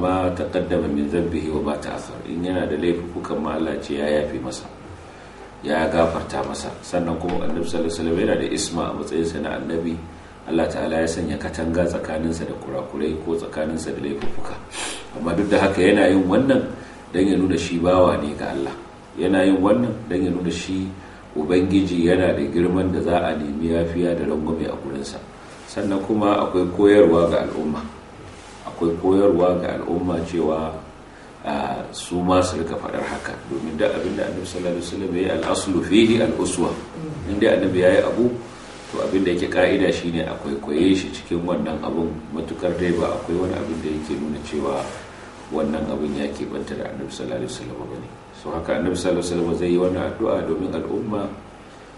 ma ta kaddama min dhanbihi wa ma asar in yana da laifukan ma Allah ce ya yafe masa ya gafarta masa sannan kuma annabi sallallahu alaihi wasallam yana da isma a matsayin sa na annabi Allah ta'ala ya sanya katanga tsakaninsa da kurakurai ko tsakaninsa da laifuka amma duk da haka yana yin wannan dan ya nuna shi bawa ne ga Allah yana yin wannan dan ya nuna shi ubangiji yana da girman da za a nemi yafiya da rangwame a gurinsa sannan kuma akwai koyarwa ga al'umma akwai koyarwa ga al'umma cewa su ma su rika faɗar haka domin da abin da annabi sallallahu alaihi wasallam yayi yi al'aslu fihi al-uswa inda annabi yayi abu to abin da yake ka'ida shine akwai koye shi cikin wannan abun matukar dai ba akwai wani abin da yake nuna cewa wannan abin ya banta da annabi sallallahu alaihi wasallam bane so haka annabi sallallahu alaihi wasallam zai yi wannan addu'a domin al'umma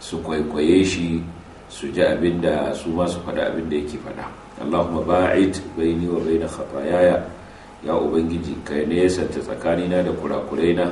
su kwaikwaye shi su ji abin da su ma su faɗa abin da yake faɗa allahumma ba'id baini wa baina khatayaya ya ubangiji ka tsakani tsakanina da kurakuraina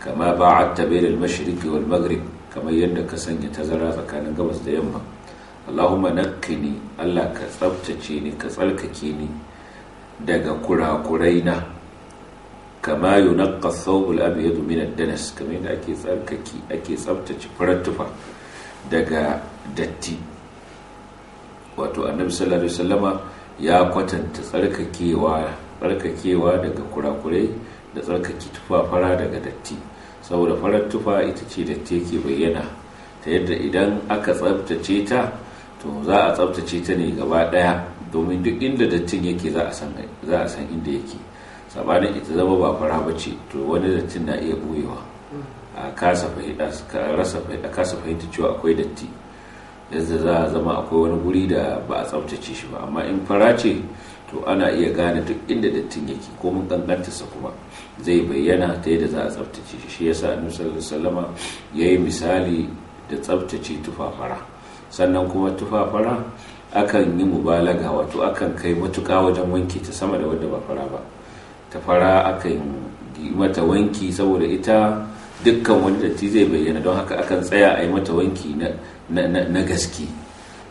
kama ba'adta baina al-mashriq wal maghrib kamar yadda ka sanya tazara tsakanin gabas da yamma allahumma nakkini allah ka tsabtace ni ka tsarkake ni daga kurakuraina kama yunaqqa thawbul abyad min ad-danas kamar yadda ake tsarkake ake tsabtace farar daga datti wato annabi sallallahu alaihi wasallama ya kwatanta tsarkakewa tsarkakewa daga kurakurai da tsarkake tufafara daga datti saboda farar tufa ita ce datti yake bayyana ta yadda idan aka tsabtace ta to za a tsabtace ta ne gaba daya domin duk inda dattin yake za a san inda yake sabanin ita zama ba fara bace to wani dattin na iya buyewa a kasa fahimta cewa akwai datti yadda za a zama akwai wani guri da ba a tsaftace shi ba amma in fara ce to ana iya gane duk inda dattin yake ko mun sa kuma zai bayyana ta yadda za a tsaftace shi shi yasa annabi sallallahu alaihi ya yi misali da tsaftace tufafara sannan kuma tufafara akan yi mubalaga wato akan kai matuka wajen wanke ta sama da wanda ba fara ba ta fara akan yi mata wanki saboda ita dukkan wani datti zai bayyana don haka akan tsaya a yi mata wanki na gaske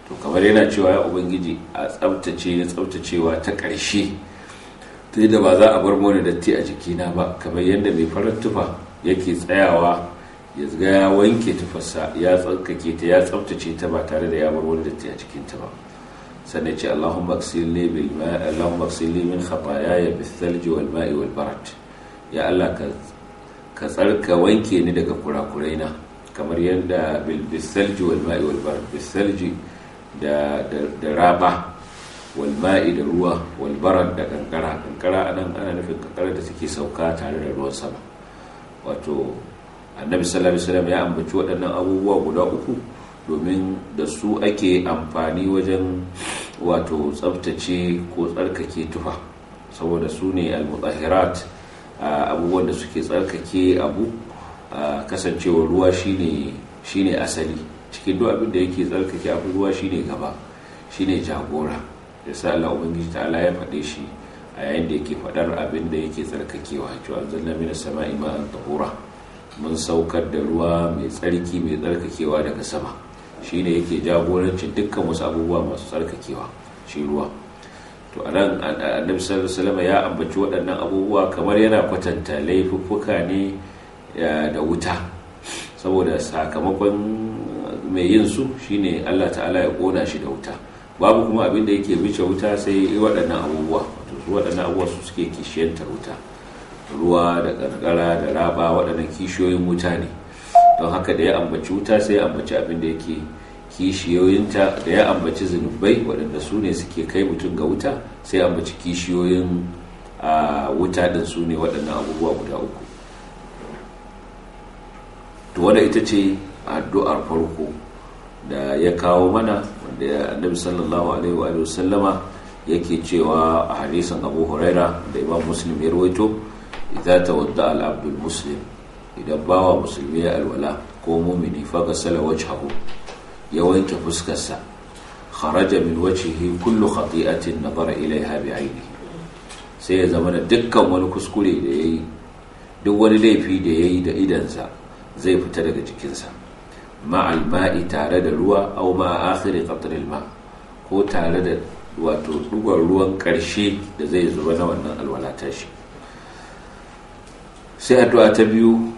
to kamar yana cewa ya ubangiji a tsabtace na tsabtacewa ta ƙarshe ta da ba za a bar mana datti a jikina ba kamar yadda mai farar tufa yake tsayawa ya ga ya wanke tufarsa ya tsarkake ta ya tsabtace ta ba tare da ya bar wani datti a jikinta ba sannan ce Allahumma aksili min thalji wal ma'i wal ya Allah ka ka tsarka wanke ni daga kurakurai na kamar yadda bisalji walma'i ma'i bisalji da da raba walma'i da ruwa walbaran da kankara kankara anan ana nufin kankara da suke sauka tare da ruwan sama wato annabi sallallahu alaihi ya ambaci waɗannan abubuwa guda uku domin da su ake amfani wajen wato tsabtace ko tsarkake tufa saboda su ne al-mutahirat abubuwan da suke tsarkake abu kasancewar ruwa shine asali cikin duk abin da yake tsarkake abu ruwa shine gaba shine jagora da sa Allah ta ala ya faɗe shi a yayin da yake faɗar abin da yake tsarkakewa cewa zanna mina sama'i iman tahura mun saukar da ruwa mai tsarki mai tsarkakewa daga sama shine yake jagorancin dukkan wasu abubuwa masu tsarkakewa shi ruwa to anan annabi sallallahu alaihi ya ambaci waɗannan abubuwa kamar yana kwatanta laifuffuka ne da wuta saboda sakamakon mai yin su shine Allah ta'ala ya kona shi da wuta babu kuma abin da yake bice wuta sai waɗannan abubuwa to su waɗannan abubuwa su suke kishiyantar wuta ruwa da karkara da raba waɗannan kishiyoyin wuta ne don haka da ya ambaci wuta sai ya ambaci abin da yake kishiyoyinta da ya ambaci zunubai waɗanda su ne suke kai mutum ga wuta sai ambaci kishiyoyin wuta ɗin su ne waɗannan abubuwa guda uku to wadda ita ce addu'ar farko da ya kawo mana wanda ya annabi sallallahu alaihi wa sallama yake cewa a hadisin abu huraira da imam muslim ya rawaito idza tawadda al abdul muslim idan bawa musulmi ya alwala ko mumini fa gasala wajhahu ya wanke fuskarsa kharaja min wajhihi kullu khati'atin nazara ilaiha bi ainihi sai ya zama da dukkan wani kuskure da yayi duk wani laifi da yayi da idansa zai fita daga jikinsa ma'al ma'i tare da ruwa au ma akhiri qatril ma ko tare da wato dugon ruwan karshe da zai zuba na wannan alwala shi. sai addu'a ta biyu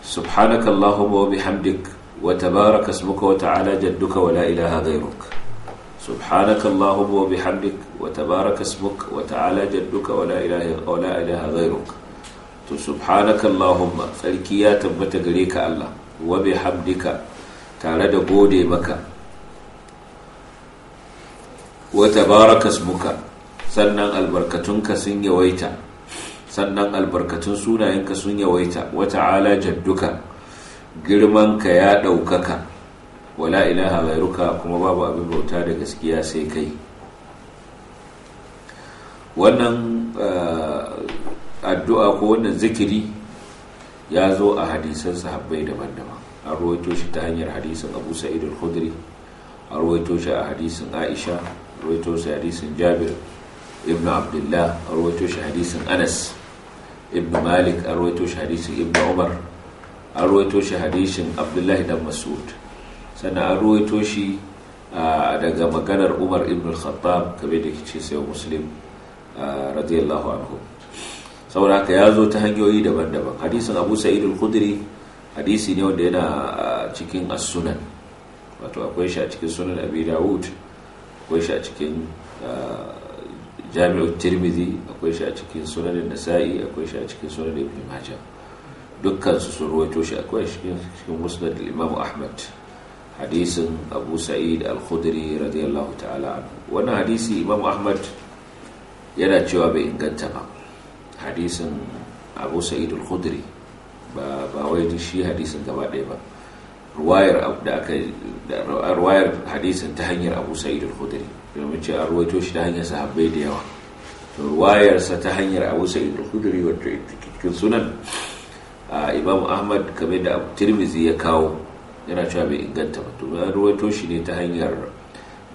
subhanakallahumma wa bihamdika وتبارك اسمك وتعالى جدك ولا إله غيرك سبحانك اللهم وبحمدك وتبارك اسمك وتعالى جدك ولا إله ولا إله غيرك سبحانك اللهم فالكيا تبت غريك الله وبحمدك تعالى دغودي مكا وتبارك اسمك sannan albarkatunka sun yawaita sannan albarkatun sunayenka sun yawaita wa ta'ala jadduka girman ka ya ɗaukaka wala ilaha gairuka kuma babu abin bauta da gaskiya sai kai wannan eh, addu'a ko wannan zikiri ya zo a hadisan sahabbai daban-daban an ruwaito shi ta hanyar hadisin abu sa'id al-khudri an ruwaito shi a hadisin aisha an ruwaito shi hadisin jabir ibn abdullah an ruwaito shi hadisin anas ibn malik an ruwaito shi hadisin ibn umar an ruwaito shi hadishin abdullahi dan masud sannan an ruwaito shi daga maganar umar ibn al-khattab kabe da ke ce sayo muslim radiyallahu anhu saboda haka ya zo ta hanyoyi daban-daban hadisin abu sa'id al-khudri hadisi ne wanda yana cikin as-sunan wato akwai shi a cikin sunan abi dawud akwai shi a cikin jami'ar tirmidhi akwai shi a cikin sunan nasa'i akwai shi a cikin sunan ibn majah dukkansu sun ruwaito shi akwai cikin musnad imamu ahmad hadisin abu sa'id al-khudri radiyallahu ta'ala wannan hadisi imamu ahmad yana cewa bai inganta ba hadisin abu sa'id al-khudri ba ba wai shi hadisin gaba ɗaya ba ruwayar da aka ruwayar hadisin ta hanyar abu sa'id al-khudri domin cewa ruwaito shi ta hanyar sahabbai da yawa to ruwayarsa ta hanyar abu sa'id al-khudri wato cikin sunan a imam ahmad kame da ya kawo yana cewa bai inganta ba tuma ruwaito shi ne ta hanyar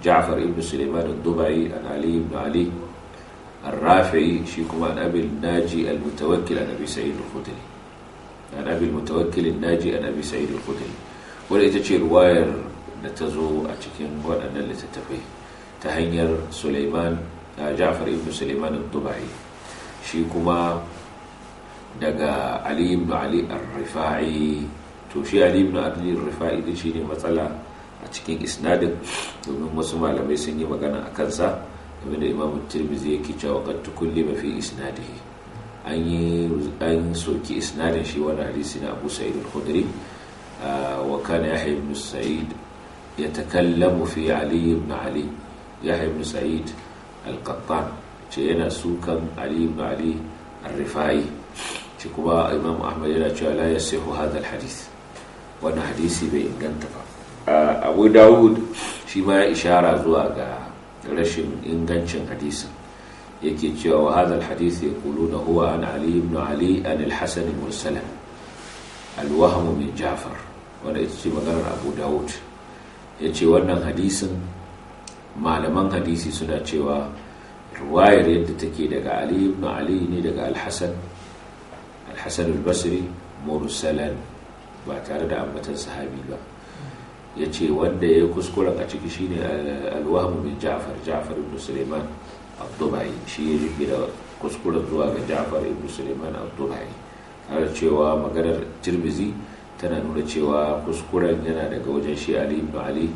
ja'far ibn suleiman dubai an ali ibn shi kuma an abil naji al mutawakkil an abi sa'id al an abil mutawakkil an naji an abi sa'id al khudri ita ce wayar da ta zo a cikin waɗannan littattafai ta hanyar suleiman ja'far ibn suleiman shi kuma daga ali ibn ali ar-rifa'i to shi ali ali rifai din ne matsala a cikin isnadin domin wasu malamai sun yi magana a kansa game da imam tirmizi yake cewa qad tukullima fi isnadihi an yi an soki isnadin shi wani hadisi na abu sa'id al-khudri ah, wa kana yahya ibn sa'id yatakallamu fi ali ibn ali yahya ibn sa'id al-qattan ce yana sukan ali ibn ali ar-rifa'i shi kuma imam ahmad yana cewa la yasihu hadha alhadith wannan hadisi bai inganta ba abu dawud shi ma ya ishara zuwa ga rashin ingancin hadisin yake cewa wa ya alhadith yaquluna huwa an ali ibn ali an alhasan mursala alwahm min ja'far wanda ita ce maganar abu dawud ya ce wannan hadisin malaman hadisi suna cewa ruwayar yadda take daga ali ibn ali ne daga alhassan alhassan albasri mursalan ba tare da ambatan sahabi ba ya ce wanda ya yi kuskuren a ciki shine alwahmu min ja'far ja'far ibn suleiman abdubai shi ya da kuskuren zuwa ga ja'far ibn suleiman abdubai har cewa maganar tirmizi tana nuna cewa kuskuren yana daga wajen shi ali ibn ali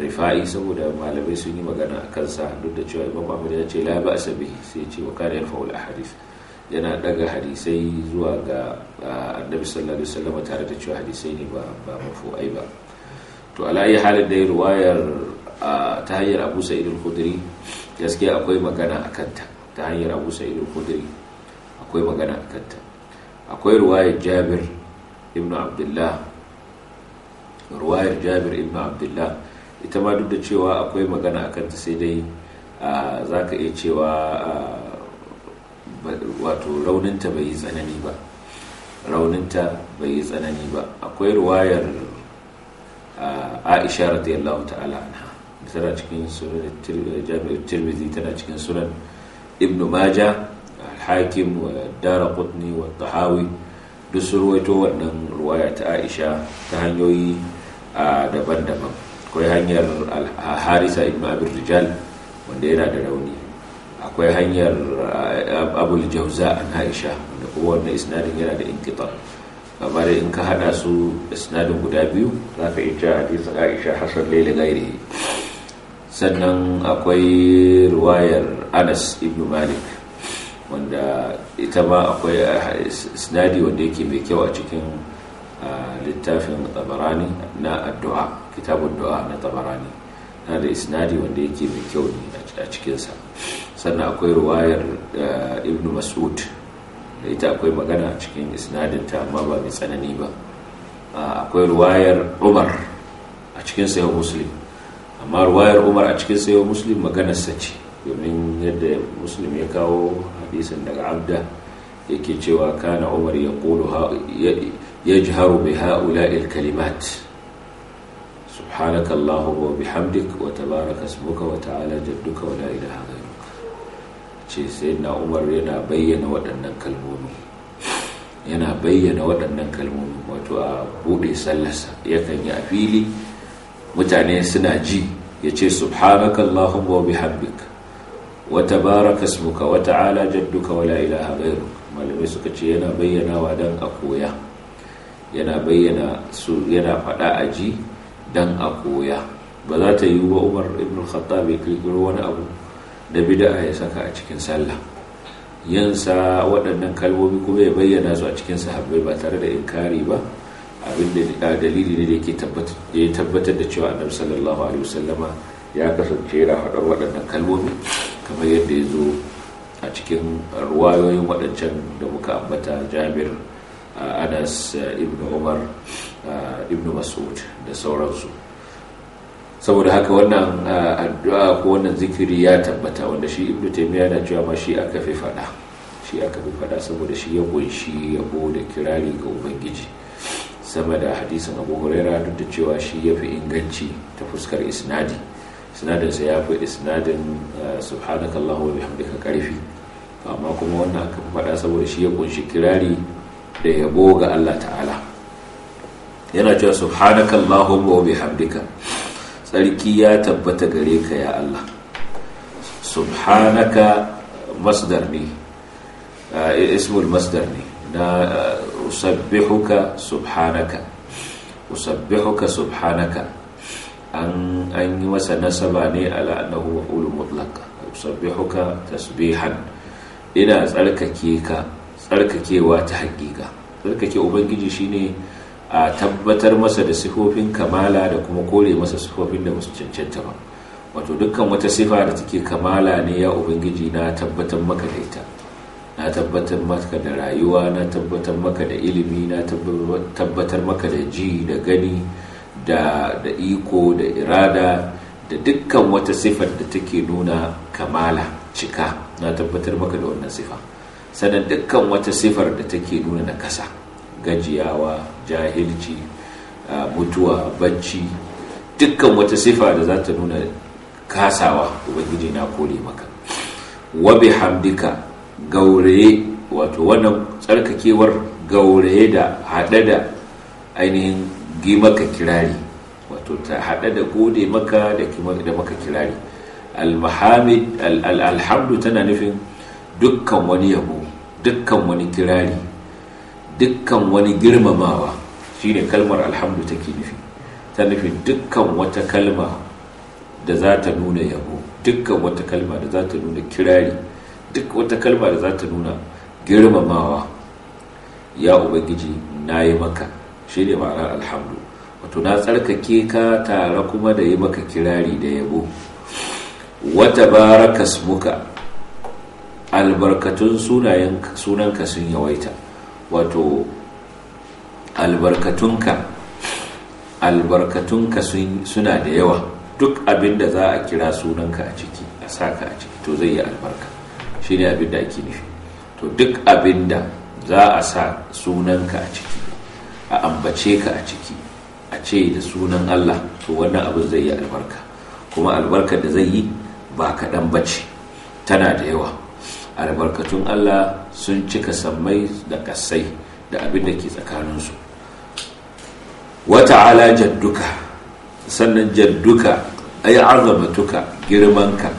rifa'i saboda malamai sun yi magana a kansa duk da cewa imam ahmad ya ce la ba'sa bihi sai ya ce wa kana yarfa'u al-ahadith yana daga hadisai zuwa ga annabi sallallahu alaihi wasallam tare da cewa hadisai ne ba ba mafu'ai ba to alayi halin da riwayar ta hanyar Abu Sa'id al-Khudri gaskiya akwai magana akan ta ta hanyar Abu Sa'id al-Khudri akwai magana akan ta akwai riwayar Jabir ibn Abdullah riwayar Jabir ibn Abdullah ita ma duk da cewa akwai magana akan ta sai dai zaka iya cewa wato rauninta bai yi tsanani ba rauninta bai yi tsanani ba akwai ruwayar aisha radiyallahu ta'ala tana cikin sunan tirmidhi tana cikin sunan ibn majah al-hakim wa daraqutni wa tahawi duk sun ruwaito wannan ruwaya ta aisha ta hanyoyi daban-daban akwai hanyar harisa ibn abin rijal wanda yana da rauni akwai hanyar eh, abul jauza an haisha da kuma wannan isnadin yana da inkita kamar in ka hada su isnadin guda biyu za ka iya hadisin aisha hasan laila gairi sannan akwai ruwayar anas ibn malik wanda ita ma akwai eh, isnadi wanda yake mai kyau a cikin eh, littafin tabarani na addu'a kitabun du'a na tabarani na da isnadi wanda yake mai kyau ne a cikinsa sannan akwai ruwayar eh, ibn mas'ud da ita akwai magana cikin isnadinta amma ba mai tsanani ba ah, akwai ruwayar umar a cikin sayo muslim amma ruwayar umar a cikin sayo muslim maganar sace domin yadda muslim ya kawo hadisin daga abda yake cewa kana umar ya kulu ya ji haru bai ha'ula'il kalimat subhanakallahu wa bihamdik wa tabaraka ismuka wa ta'ala jadduka wa la ilaha ce sai na umar yana bayyana waɗannan kalmomi yana bayyana waɗannan kalmomi wato a buɗe sallarsa yakan yi a fili mutane suna ji ya ce subhanaka allahumma wa Wata wa tabaraka ismuka wa ta'ala jadduka wa la ilaha malamai suka ce yana bayyanawa dan a koya yana bayyana su yana faɗa a ji dan a koya ba za ta yi ba umar ibn khattab ya kirkiro wani abu da bida'a ya saka a cikin sallah yansa waɗannan kalmomi kuma ya bayyana su a cikin sahabbai ba tare da inkari ba abinda dalili ne da yake tabbatar da cewa annabi sallallahu alaihi wasallama ya kasance yana faɗar waɗannan kalmomi kamar yadda ya zo a cikin ruwayoyin waɗancan da muka ambata jabir anas ibn umar ibn mas'ud da sauransu saboda haka wannan uh, addu'a ko wannan zikiri ya tabbata wanda shi ibnu taymiya yana cewa ma shi aka fi fada shi aka fi fada saboda shi ya kunshi yabo da kirari ga ubangiji sama da hadisin abu huraira duk da cewa shi ya fi inganci ta fuskar isnadi sa ya fi isnadin uh, subhanakallahu wa bihamdika karfi amma kuma wannan aka fi faɗa saboda shi ya kunshi kirari da yabo ga Allah ta'ala yana cewa subhanakallahu wa bihamdika tsarki ya tabbata gare ka ya Allah subhanaka masdar ne ah, ismul masdar ne na ah, usabbihuka subhanaka usabbihuka subhanaka an yi masa nasaba ne ala annahu maf'ulun mutlaq usabbihuka tasbihan ina tsarkake ka tsarkakewa ta hakika tsarkake ubangiji shine a tabbatar masa da sifofin kamala da kuma kore masa sifofin da musu cancanta ba wato dukkan wata sifa da take kamala ne ya ubangiji na tabbatar maka da ita na tabbatar maka da rayuwa na tabbatar maka da ilimi na tabbatar maka da ji da gani da iko da irada da dukkan wata sifar da take nuna kamala cika na tabbatar maka da wannan sifa sannan dukkan wata sifar da take nuna nakasa gajiyawa jahilci mutuwa bacci dukkan wata sifa da za ta nuna kasawa ubangiji na kore maka wa hamdika gauraye wato wannan tsarkakewar gauraye da haɗe da ainihin gi maka kirari wato ta haɗe da gode maka da maka kirari alhamdu tana nufin dukkan wani yabo dukkan wani kirari dukkan wani girmamawa shine kalmar alhamdu take nufi ta nufi dukkan wata kalma da za ta nuna yabo dukkan wata kalma da za ta nuna kirari duk wata kalma da za ta nuna girmamawa ya ubangiji na yi maka shi ne ma'anar alhamdu wato na tsarkake ka tare kuma da yi maka kirari da yabo wata baraka muka albarkatun sunanka sun yawaita wato albarkatunka albarkatunka suna da yawa duk abin da za a kira sunanka a ciki a saka a ciki to zai yi albarka ne abin da ake nufi to duk abin da za a sa sunanka a ciki a ambace ka a ciki a ce da sunan Allah to wannan abin zai yi albarka kuma albarkar da zai yi ba kaɗan ba bace tana da yawa albarkatun Allah sun cika sammai da kasai da abin da ke tsakaninsu wata ala jadduka sannan jadduka ay azamatuka girmanka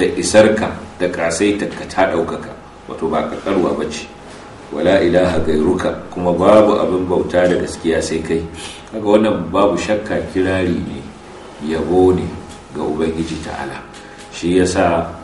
da isarka da kasai ta ta daukaka wato ba ka ba ce wala ilaha gairuka kuma babu abin bauta da gaskiya sai kai kaga wannan babu shakka kirari ne yabo ne ga ubangiji ta'ala shi yasa